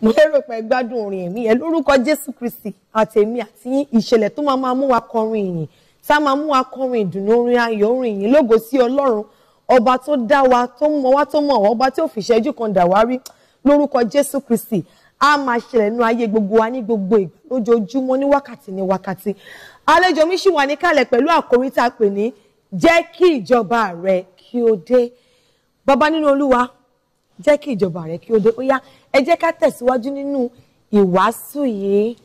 mo lérò pé gbádùn orin ẹ̀mí yẹn lórúkọ jésù kristi àtẹ̀mí àti ìṣẹ̀lẹ̀ tó máa máa mú wa kọrin ìyìn tá a máa mú wa kọrin ìdùnnú orin ayọ̀ orin ìyìn lógo sí ọlọ́run ọba tó dá wa tó mọ wá tó mọ wá ọba tí ò fi ìṣẹ́jú kan dà wá rí lórúkọ jésù kristi a máa ṣẹlẹ̀ nínú ayé gbogbo wa ní gbogbo ìgbà lójoojúmọ́ ní wákàtí ní wákàtí àlejò mi ṣì wà níkàlẹ̀ pẹ̀lú àkòrí tá a pè ní jẹ́ kí ìjọba rẹ kí ó dé baba nínú olúwa jẹ́ kí ìjọba rẹ kí ó dé ó yá ẹ jẹ́ ká tẹ̀síwájú nínú ìwàásù yìí.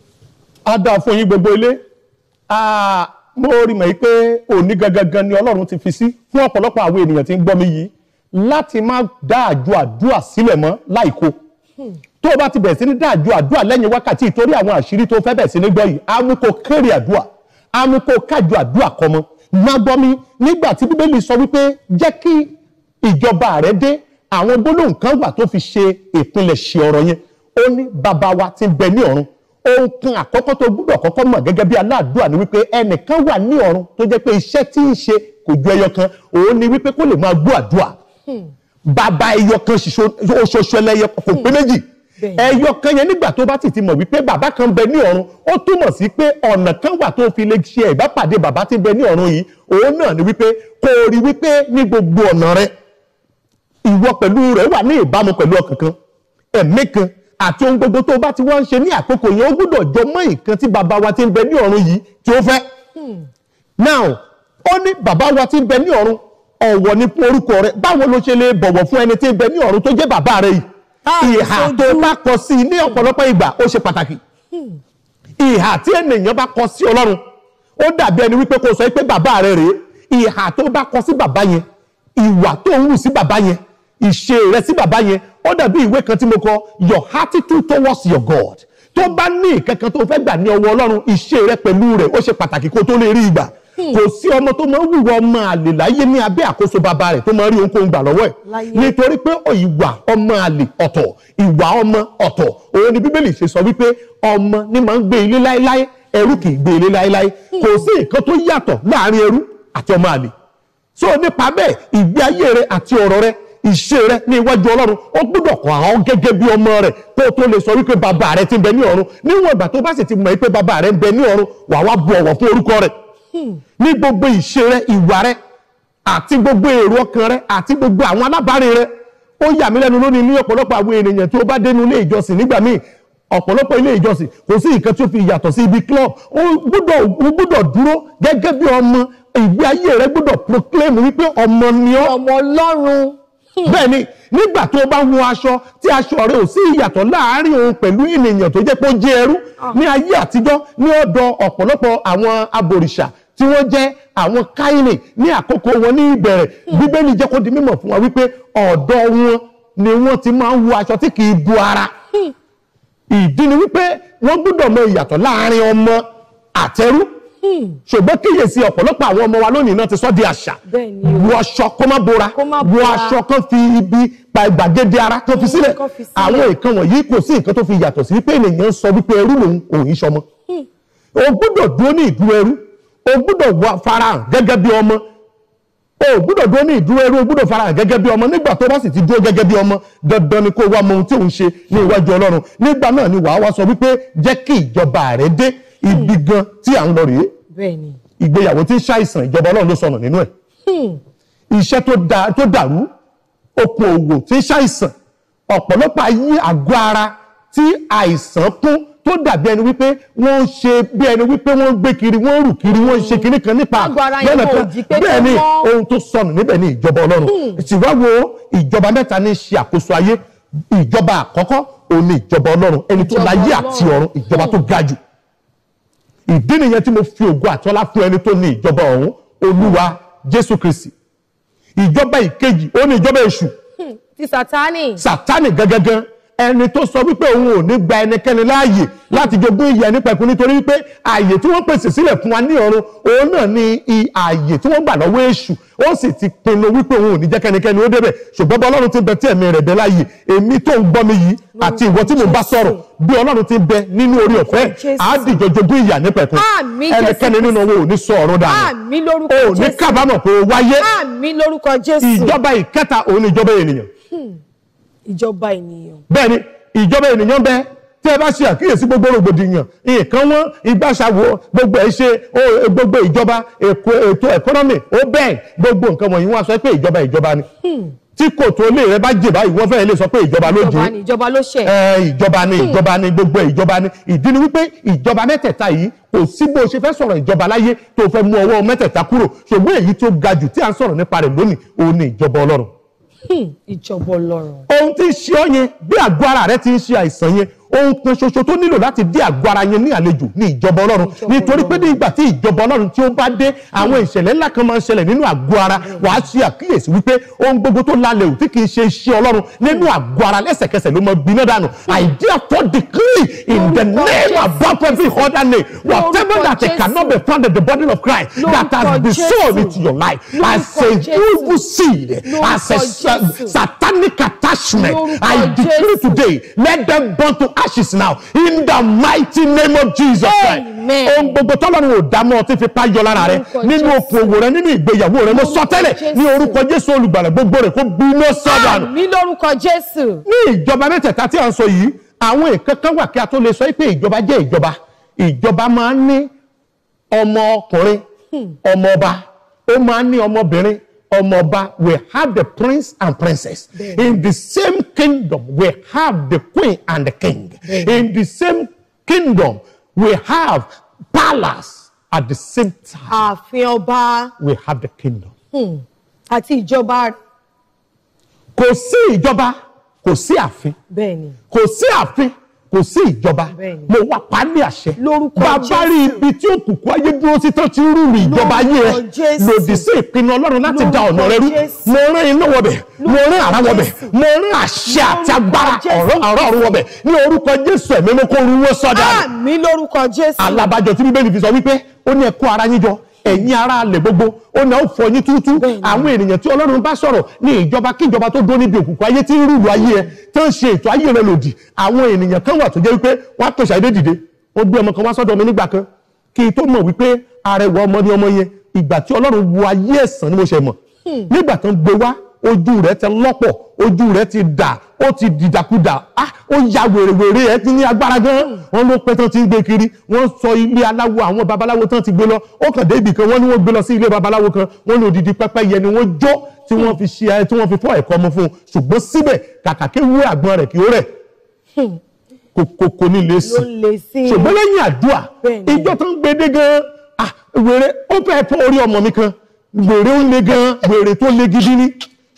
a dáa fún yín gbogbo ilé mo rí mọ̀ pé òní gangan ni ọlọ́run ti fi sí fún ọ̀pọ̀lọpọ̀ àwọn ènìyàn tí ń gbọ́ mi yìí láti má dá àjọ àdúrà sílẹ̀ mọ́ láìko hmm. tó o bá ti bẹ̀rẹ̀ sí ní dá àjọ àdúrà lẹ́yìn wákàtí ìtorí àwọn àṣírí tó fẹ́ bẹ̀rẹ̀ sí ní gbọ́ yìí amúkó kéré àdúrà amúkó kájọ àdúrà kọ́ mọ́ má gbọ́ mi nígbà tí bíbélì sọ wípé jẹ́ kí ìjọba rẹ dé àwọn gbólóhùn kan wà tó fi ṣe ìpilẹ̀ṣẹ̀ ọ̀rọ̀ yẹn ó ní bàbá wa ti ń bẹ ní ọ̀run ohun kan àkọ́kọ́ tó gbúdọ̀ kọ́kọ́ mọ̀ gẹ́gẹ́ bí aládùúà ni wípé ẹnìkan wà ní ọ̀run tó jẹ́ pé iṣẹ́ tí ń ṣe kò ju ẹyọ kan òun ni wípé kó lè máa gbọ́ àdúà hmm. bàbá ẹyọ kan ṣoṣo ẹlẹ́yẹ kò pé hmm. méjì ẹyọ kan yẹn nígbà tó bá sì ti mọ̀ wípé bàbá kan bẹ ní ọ̀run ó túmọ̀ sí pé ọ̀nà kan wà tó fi lè ṣe ìbápàdé bàbá tí ń bẹ ní ọ̀run yìí òun náà ni wípé kó rí wípé ní gbogbo ọ̀nà rẹ̀ ìwọ pẹ̀lú rẹ̀ wà ní ìbámu pẹ̀lú ọkàn kan ẹ̀mí kan àti ohun gbogbo tó bá ti wá ń ṣe ní àkókò yẹn ó gbọ́dọ̀ jọ mọ́ nǹkan tí bàbá wa ti ń bẹ ní ọ̀run yìí tí ó fẹ́. Hmm. now ó ní bàbá wa ti ń bẹ ní ọ̀run ọ̀wọ̀ ni fún orúkọ rẹ báwo ló ṣe lè bọ̀wọ̀ fún ẹni tí ń bẹ ní ọ̀run tó jẹ́ bàbá rẹ yìí ah, ìhà tó bá kọ sí i ní ọ̀pọ̀lọpọ̀ ìgbà ó ṣe pàtàkì hmm. ìhà tí ènìyàn bá kọ sí ọlọ́run ó dàbí ẹni wípé kò sọ pé bàbá rẹ rèé ìhà tó bá kọ sí bàbá yẹn ìwà tó ń wù sí bàbá yẹn ìṣe rẹ sí bàbá yẹn ó dàbí ìwé kan tí mo kọ your attitude towards your God tó bá ní ìkankan tó fẹ́ gbà ní ọwọ́ ọlọ́run ìṣe rẹ pẹ̀lú rẹ̀ ó ṣe pàtàkì kó tó lè rí ìgbà hmm. kò sí ọmọ tó máa ń wùwọ ọmọ àlè láyé ní abẹ́ àkóso bàbá rẹ̀ tó máa rí ohunkóhun gbà lọ́wọ́ ẹ̀ nítorí pé ìwà ọmọ àlè ọ̀tọ̀ ìwà ọmọ ọ̀tọ̀ òun ni bíbélì ṣe sọ wípé ọmọ ni máa ń gbé ilé láéláé ẹrú kì í gbé ilé láéláé hmm. kò sí nǹkan tó yàtọ̀ láàrin ẹrú àti ọmọ àlè so nípa bẹ́ẹ̀ ìgbé ayé rẹ àti ọ̀rọ̀ rẹ ìṣe rẹ ní iwájú ọlọ́run ó gbọ́dọ̀ kọ àwọn gẹ́gẹ́ bí ọmọ rẹ kó o tó lè sọ wípé bàbá rẹ ti ń bẹ ní ọ̀run níwọ̀n ìgbà tó bá sì ti mọ̀ wípé bàbá rẹ ń bẹ ní ọ̀run wà wá bu ọ̀wọ̀ fún orúkọ rẹ hmm. ní gbogbo ìṣe rẹ ìwà rẹ àti gbogbo èrò ọkàn rẹ àti gbogbo àwọn alábàárìn rẹ ó yà mí lẹ́nu lónìí ní ọ̀pọ̀lọpọ̀ àwọn ènìyàn tí ó bá dénú ilé ìjọsìn nígbà míì ọ̀pọ̀lọpọ̀ ilé ìjọsìn kò sí nǹkan tí ó fi yàtọ̀ sí ibi club ó gbọ́dọ̀ dúró gẹ́gẹ́ bí ọmọ ìgbé ayé rẹ gbọ́dọ̀ proclaim wípé ọmọ ni ọ́ ọmọ ọlọ́run bẹ́ẹ̀ ni nígbà tó bá hun aṣọ tí aṣọ rẹ ò sí ìyàtọ̀ láàárín òun pẹ̀lú ènìyàn tó jẹ́ pé ó jẹ́ ẹrú ah. ní ayé àtijọ́ ní ọ̀dọ̀ ọ̀pọ̀lọpọ̀ àwọn abòrìṣà tí wọ́n jẹ́ àwọn káìní ní àkókò wọn ní ìbẹ̀rẹ̀ hmm. bíbélì jẹ́ kó di mímọ̀ fún wa wípé ọ̀dọ̀ wọn ni wọ́n ti máa ń hu aṣọ tí kì í bu ara hmm. ìdí ni wípé wọ́n gbọ́dọ̀ mọ ìyàtọ̀ láàárín ọmọ àtẹrú ṣùgbọ́n kíyèsí ọ̀pọ̀lọpọ̀ àwọn ọmọ wa lónìí náà ti sọ di àṣà wọ aṣọ kó má bora wọ aṣọ kan fi ibi pa ìgbàgede ara kan fi sílẹ̀ àwọn nǹkan wọ̀nyí kò sí nǹkan tó fi yàtọ̀ sí pé ènìyàn sọ wípé ẹrú lòun òun ìṣọmọ hmm. o gbúdọ̀ dúró ní ìdúró ẹrú o gbúdọ̀ farahàn gẹ́gẹ́ bí ọmọ o gbúdọ̀ dúró ní ìdúró ẹrú o gbúdọ̀ farahàn gẹ́gẹ́ bí ọmọ nígbà tó bá sì ti dúró gẹ́gẹ́ bí ọmọ dandan ni kó wá mọ ohun tí òun ṣe ní iwájú ọlọ́run nígbà náà ni wàá wá sọ wípé jẹ́ kí ìjọba rẹ dé ibi hmm. gan tí à ń lọ rèé bẹ́ẹ̀ni ìgbéyàwó tí ń ṣàìsàn ìjọba ọlọ́run ló sọnù nínú ẹ̀ hmm. iṣẹ́ tó dàrú okùn òwò tí ń ṣàìsàn ọ̀pọ̀lọpọ̀ ayé àgọ́ ara tí àìsàn kún tó dàbí ẹni wípé wọ́n ń ṣe bí ẹni wípé wọ́n ń gbé kiri wọ́n ń rù kiri wọ́n ń ṣe kiri kan nípa bẹ́ẹ̀ kan bẹ́ẹ̀ ni ohun tó sọnù níbẹ̀ ni ìjọba ọlọ́run ìsìnwáwo hmm. ìjọba mẹ́ta ní ṣe àkóso ayé ìjọba àkọ́kọ́ òun ni ìjọba ọlọ́run ẹni tó láyé àti ọ̀run ìjọba tó ga jù ìdí nìyẹn tí mo fi ògo àtọ́lá fún ẹni tó ní ìjọba ọ̀hún olúwa jésù kristi ìjọba ìkejì ó ní ìjọba èṣù. Hmm, ti sátánì. sátánì gangan ẹni tó sọ wípé òun ò ní gba ẹnikẹ́ni láàyè láti jogún ìyè nípẹ̀kun nítorí wípé ààyè tí wọ́n pèsè sílẹ̀ fún wa ní ọ̀run òun náà ni ààyè tí wọ́n gbà lọ́wọ́ èṣù ó sì ti pinnu wípé òun ò ní jẹ́ kẹ́nikẹ́ni ó débẹ̀ ṣùgbọ́n bá ọlọ́run ti bẹ tí ẹ̀mí rẹ̀ bẹ láàyè èmi tó ń gbọ́ mi yìí àti ìwọ tí mo bá sọ̀rọ̀ bí ọlọ́run ti bẹ nínú orí ọ̀fẹ́ àádìjọ jogún ìyà nípẹ̀kun ẹnikẹ́ni nínú wọn ò ní sọ ọ̀rọ̀ dànù ò ní ni ìjọba ènìyàn hmm ìjọba ènìyàn. bẹ́ẹ̀ni ìjọba ènìyàn bẹ tí ẹ bá ṣe àkíyèsí gbogbo rògbòdìyàn nǹkan wọn ìgbàṣàwọ gbogbo ẹ ṣe gbogbo ìjọba ètò ẹkọnọmì ó bẹ́ẹ̀ gbogbo nǹkan wọ̀nyí wọn sọ pé ìjọba ìjọba ni hmm. tí kò tó lè rẹ bá jè báyìí wọ́n fẹ́ẹ́ lè sọ pé ìjọba ló jẹ́ ìjọba ló ṣẹ̀ ìjọba ni hmm. ìjọba ni gbogbo ìjọba ni ìdí ni wípé ìjọba mẹ́tẹ̀ẹ̀ta yìí kò sí bó ṣe fẹ́ sọ̀rọ̀ ìjọba láyé tó fẹ́ mú ọwọ́ mẹ́tẹ̀ẹ̀ta kúrò ṣùgbọ́n èyí tó ga jù tí à ń sọ̀rọ̀ nípa rẹ̀ lónìí òun ni ìjọba ọlọ́run Hmm, ìjọba Ọlọ́run. ohun tí ń ṣe ọ yẹn bí àgọ́ ara rẹ ti ń ṣe àìsàn yẹn ohun kan ṣoṣo tó nílò láti dé àgọ́ ara yẹn ní àlejò ní ìjọba ọlọ́run nítorí pé ní ìgbà tí ìjọba ọlọ́run tí ó bá dé àwọn hmm. ìṣẹ̀lẹ̀ ńlá kan máa ń ṣẹlẹ̀ nínú àgọ́ ara wàá ṣe àkíyèsí wípé ohun gbogbo tó lálẹ́ ò tí kì í ṣe iṣẹ́ ọlọ́run nínú àgọ́ ara lẹ́sẹ̀kẹsẹ̀ ló máa gbiná dànù hmm. I therefore decree in the name of above every other name whatever that they cannot be found in the body of Christ that has been sown into your life as a evil seed as a satanic attachment I declare today let them burn to ashes now in the mighty name of Jesus Christ. ohun gbogbo tọ́lọ́run ò dámọ́ ọtí fi pa yọ lára rẹ nínú okò òwò rẹ nínú ìgbéyàwó rẹ mo sọ tẹ́lẹ̀ ní orúkọ Jésù olùgbàlà gbogbo rẹ kó bu iná sọ́dọ̀ àná. mi lórúkọ Jésù. ní ìjọba mẹ́tẹ̀ẹ̀ta tí à ń sọ yìí àwọn ìkankan wà kí a tó lè sọ pé ìjọba jẹ́ ìjọba ìjọba máa ń ní ọmọ ọkùnrin hmm. ọmọ ọba ó máa ń ní ọmọbìnrin Omoba, we have the prince and princess. Amen. In the same kingdom, we have the queen and the king. Amen. In the same kingdom, we have palace at the same time. Ààfin ọba. We have the kingdom. Hmm. Àti ìjọba. Kò sí ìjọba, kò sí ààfin. Bẹ́ẹ̀ni. Kò kò sí ìjọba mo wà pálí àṣẹ bàbá rí ibi tí òkùnkùn ayé dúró sí tó ti rú mi ìjọba ayé ẹ lòdì sí ìpinnu ọlọ́run láti da ọ̀nà rẹ rú mo rán iná wọbẹ̀ mo rán ara wọbẹ̀ mo rán àṣẹ àti agbára ọ̀rọ̀ ọ̀rọ̀ ọ̀run wọbẹ̀ ní orúkọ jésù ẹ̀mí mo kó ruwọ́ sọ́dà. àmì lórúkọ jésù. alábàjọ tí bíbélì fi sọ wípé ó ní ẹ kó ara yín jọ ẹ̀yin ara alẹ̀ gbogbo ó náà ó fọ yín túútú àwọn ènìyàn tí ọlọ́run bá sọ̀rọ̀ ní ìjọba kí ìjọba tó dó níbi òkùnkùn ayé tí ń rúlu ayé ẹ tó ń ṣe ètò ayé rẹ lòdì àwọn ènìyàn kan wà tó jẹ́ wípé wọ́n á tó ṣàdédé dìde ó gbé ọmọ kan wá sọ́dọ̀ mi nígbà kan kí tó mọ̀ wípé arẹwà ọmọ ni ọmọ yẹn ìgbà tí ọlọ́run wo ayé ẹ̀sán ni mo ṣe mọ̀ hmm. nígbà tán gbé wá ojú rẹ̀ ti lọ́pọ̀ ojú rẹ̀ ti dà ó ti dìdàkudà á ah, ó ya wèrèwèrè ẹ ti ní agbára gan wọn ló pẹ́ tán ti ń gbé kiri wọ́n sọ ilé aláwo àwọn babaláwo tán ti gbé lọ ó kàn dé ibì kan wọ́n ní wọ́n gbé lọ sí ilé babaláwo kan wọ́n ní odidi pẹ́pẹ́ yẹ ni wọ́n jó tí wọ́n fi ṣe ẹ tí wọ́n fi fọ́ ẹ̀kọ́ ọmọ fún un ṣùgbọ́n síbẹ̀ kàkà kí wúrà àgbọn rẹ̀ kí ó rẹ̀ kòkòkò ní lè sí ṣùgbọ́n lẹ́yìn àdúrà ìjọ tó ń gbede gan ah wèrè ó fẹ́ fọ́ orí ọmọ mi kan wèrè ó le gan wèrè tó le gidi ni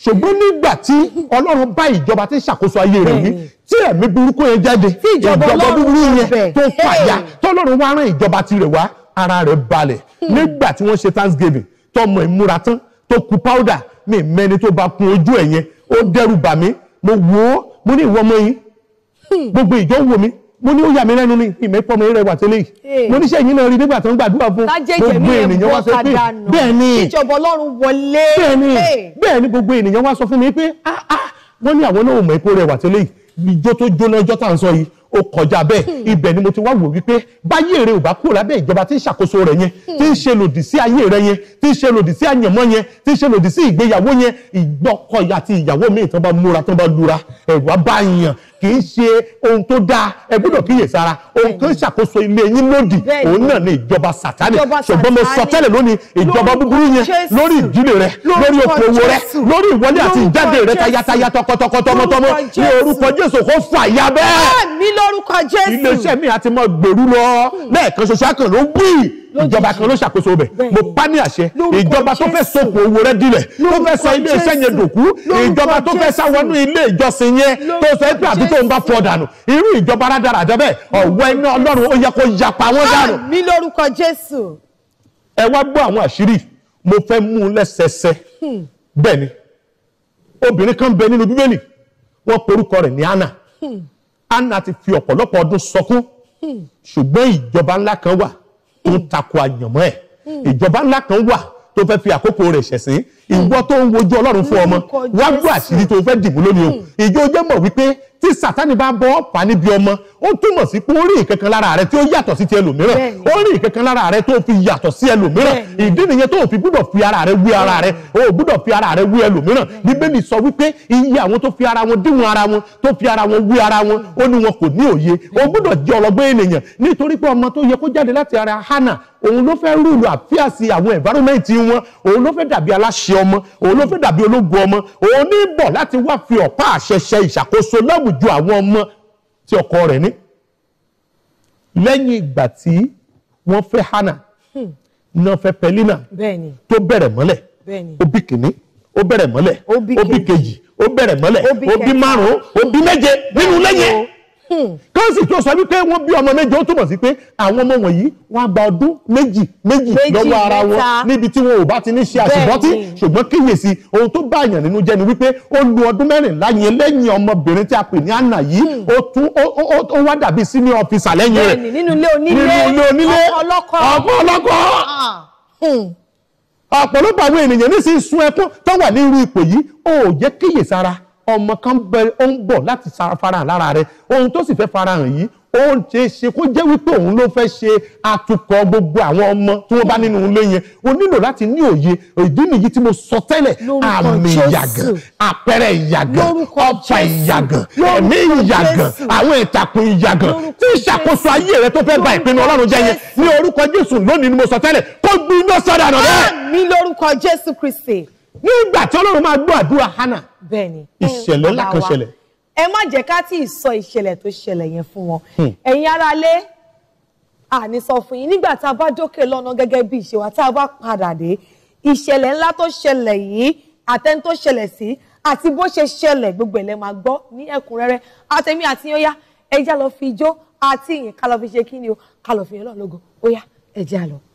ṣùgbọ́n nígbà tí ọlọ́run bá ìjọba tí ń ṣàkóso ayé rẹ̀ wí hmm. tí ẹ̀mí burúkú yẹn jáde ìjọba búburú yẹn tó fàyà tọ́lọ́run wá rán ìjọba tirẹ̀ wá ara rẹ̀ balẹ̀ hmm. nígbà tí wọ́n ṣe thanksgiving tọmọ ìmúra tán tó ku powder mi mẹ́ni tó bá kun ojú ẹ̀ yẹn ó dẹ́rù bà mí mo wò ó mo ní ìwọ́mọ yìí hmm. gbogbo ìjọ wò mí mo ní ó yà mí lẹ́nu ní ìmẹ́pọ̀ mi rẹwà tẹ́lẹ̀ yìí eh. mo níṣẹ́ yìí náà rí nígbà tó ń gbàdúrà fún gbogbo ènìyàn wá sọ pé bẹ́ẹ̀ ni bẹ́ẹ̀ ni eh. bẹ́ẹ̀ ni gbogbo ènìyàn wá sọ fún mi pé ah, ah. wọ́n ní àwọn náà ò mọ̀ ẹ́pọ̀ rẹwà tẹ́lẹ̀ yìí ijó tó jóná ijó tá à ń sọ yìí ó kọjá bẹ́ẹ̀ hmm. ibẹ̀ ni mo ti wá wò wípé báyé rẹ ò bá kúrò lábẹ́ ìjọba tí ń ṣàkóso rẹ̀ yẹn hmm. tí ń ṣe lòdì sí ayé rẹ yẹn tí ń ṣe lòdì sí àyànmọ́ yẹn tí ń ṣe lòdì sí ìgbéyàwó yẹn ìgbọ́kọ àti ìyàwó míì tán bá múra tán bá lura ẹ̀rù abáyàn kì í ṣe ohun tó dáa ẹ gbọ́dọ̀ kíyèsára ohun kan ṣàkóso ilé yín lòdì òun náà ni ìjọba sátánì ṣùgbọ́n mo sọ tẹ́lẹ̀ lónìí ìjọba búburú yẹn lórí ìdílé rẹ lórí okòwò rẹ lórí ìwọlé àti ìjáde rẹ tayátayá tọkọtọkọ tọmọtọmọ ní orúkọ Jésù kó fàyà bẹ́ẹ̀ lórúkọ jésù. iléeṣẹ́ mi àti mọ gbèrú lọ lẹ́ẹ̀kan ṣoṣo akàn ló wí ìjọba kan ló ṣàkóso bẹ̀ mo bá ní àṣẹ ìjọba tó fẹ́ sokò owó rẹ dilẹ̀ tó fẹ́ sọ iléeṣẹ́ yẹn dòkú ìjọba tó fẹ́ sáwọnú ilé ìjọsìn yẹn tó sọ pé àbí tó ń bá fọ dànù irú ìjọba rádaràdà bẹ́ẹ̀ ọ̀wọ́ iná ọlọ́run ó yẹ kó yapa wọn dànù. mi lórúkọ jésù. ẹ wá gbọ́ àwọn àṣírí mo fẹ́ mú un lẹ́sẹsẹ hmm. bẹ́ẹ̀ ni obìnrin kan bẹ nínú bíbélì wọ́n porúkọ rẹ̀ ní Anna. Hmm. Hannah ti fi ọ̀pọ̀lọpọ̀ ọdún sọkún hmm. ṣùgbọ́n ìjọba ńlá kan wà tó ń hmm. tako àyànmọ́ ẹ̀ hmm. ìjọba ńlá kan wà tó fẹ́ fi àkókò rẹ̀ ṣẹ̀sín ìwọ tó ń wojú ọlọ́run fún ọmọ wá gbọ́ àṣírí tó fẹ́ dìbò lónìí o ìjọ jẹ́ mọ̀ wípé tí sátani bá bọ́ fà níbi ọmọ ó túmọ̀ sí pé ó rí ìkankan lára rẹ tí ó yàtọ̀ sí ti ẹlòmíràn ó rí ìkankan lára rẹ tó fi yàtọ̀ sí ẹlòmíràn ìdí nìyẹn tó fi gbúdọ̀ fi ara rẹ wé ara rẹ ó gbúdọ̀ fi ara rẹ wé ẹlòmíràn bíbélì sọ wípé iye àwọn tó fi ara wọn díwọ̀n ara wọn tó fi ara wọn wé ara wọn ó ní wọn kò ní òye ó gbúdọ̀ jẹ́ ọlọ́gbọ́n ènìyàn nítorí pé ọmọ tó yẹ kó jáde láti ara Hánà òun ló fẹ́ rúlu àfíà sí àwọn environment wọn òun ló fẹ́ dàbí aláṣẹ ọmọ òun ló fẹ́ dàbí ológun ọmọ òun ní bọ̀ láti wá fi ọ̀pá àṣẹṣẹ ìṣàkóso láwùjọ àwọn ọmọ tí ọkọ rẹ̀ ní. lẹ́yìn ìgbà tí wọ́n fẹ́ hana hmm. náà fẹ́ pẹ́línà tó bẹ̀rẹ̀ mọ́lẹ̀ ó bí kìíní ó bẹ̀rẹ̀ mọ́lẹ̀ ó bí kejì ó bẹ̀rẹ̀ mọ́lẹ̀ ó márùn-ún ó méje nínú lẹ́yìn. Hmm. kánsì tó sọ wípé wọ́n bí ọmọ méje ó túmọ̀ sí pé àwọn ọmọ wọ̀nyí wọ́n á gba ọdún méjì méjì lọ́wọ́ ara wọn níbi tí wọn ò bá ti ní ṣe àṣìbọ́tí ṣùgbọ́n kíyèsí ohun tó bá èèyàn nínú jẹ́ ni wípé ó lu ọdún mẹ́rìnlá yẹn lẹ́yìn ọmọbìnrin tí a pè ní àná yìí hmm. ó tún ó wá dàbí senior officer lẹ́yìn rẹ̀ nínú ilé onílé ọkọ ọlọ́kọ ah. hmm. ọ̀pọ̀lọpọ̀ àwọn ènìyàn nísìnyí sun ẹkún tó wà ní irú ipò yìí ó jẹ́ kíyèsára ọmọ kan bẹ ó ń bọ̀ láti farahàn lára rẹ ohun tó sì fẹ́ farahàn yìí ó ń ṣe é ṣe kó jẹ́ wípé òun ló fẹ́ ṣe àtúkọ̀ gbogbo àwọn ọmọ tí wọ́n bá nínú ilé yẹn o nílò láti ní òye ìdí nìyí tí mo sọ tẹ́lẹ̀ àmì ìyàgàn àpẹẹrẹ ìyàgàn ọ̀pá ìyàgàn ẹ̀mí ìyàgàn àwọn ìtàkùn ìyàgàn tí ìṣàkóso ayé rẹ tó fẹ́ ba ìpinnu ọlọ́run jẹ́ yẹn ní orúkọ jésù lónìí ni mo sọ tẹ́lẹ̀ kó gbin iná sọ́dà náà bẹ́ẹ̀. àmì lórúkọ jésù kristi nígbà tí ọlọ́run máa gbọ́ àdúrà hannah ìṣẹ̀lẹ̀ ńlá kan ṣẹlẹ̀. ẹ má jẹ́ ká tí ì sọ ìṣẹ̀lẹ̀ tó ṣẹlẹ̀ yẹn fún wọn hmm. ẹ̀yin aráalé àní sọ fún yín nígbà tá a bá dókè lọ́nà gẹ́gẹ́ bí ìṣe wa tá a bá padà dé ìṣẹ̀lẹ̀ ńlá tó ṣẹlẹ̀ yìí àtẹni tó ṣẹlẹ̀ sí àti bó ṣe ṣẹlẹ̀ gbogbo ẹ̀lẹ́ máa gbọ́ ní ẹ̀kúnrẹ́rẹ́ àtẹ̀mí àti yóyá ẹja lọ fi ijó àti ìyìn ká fi ṣe kí ni o ká fi yẹn lọ́ọ́ lógo ó yá ẹja lọ.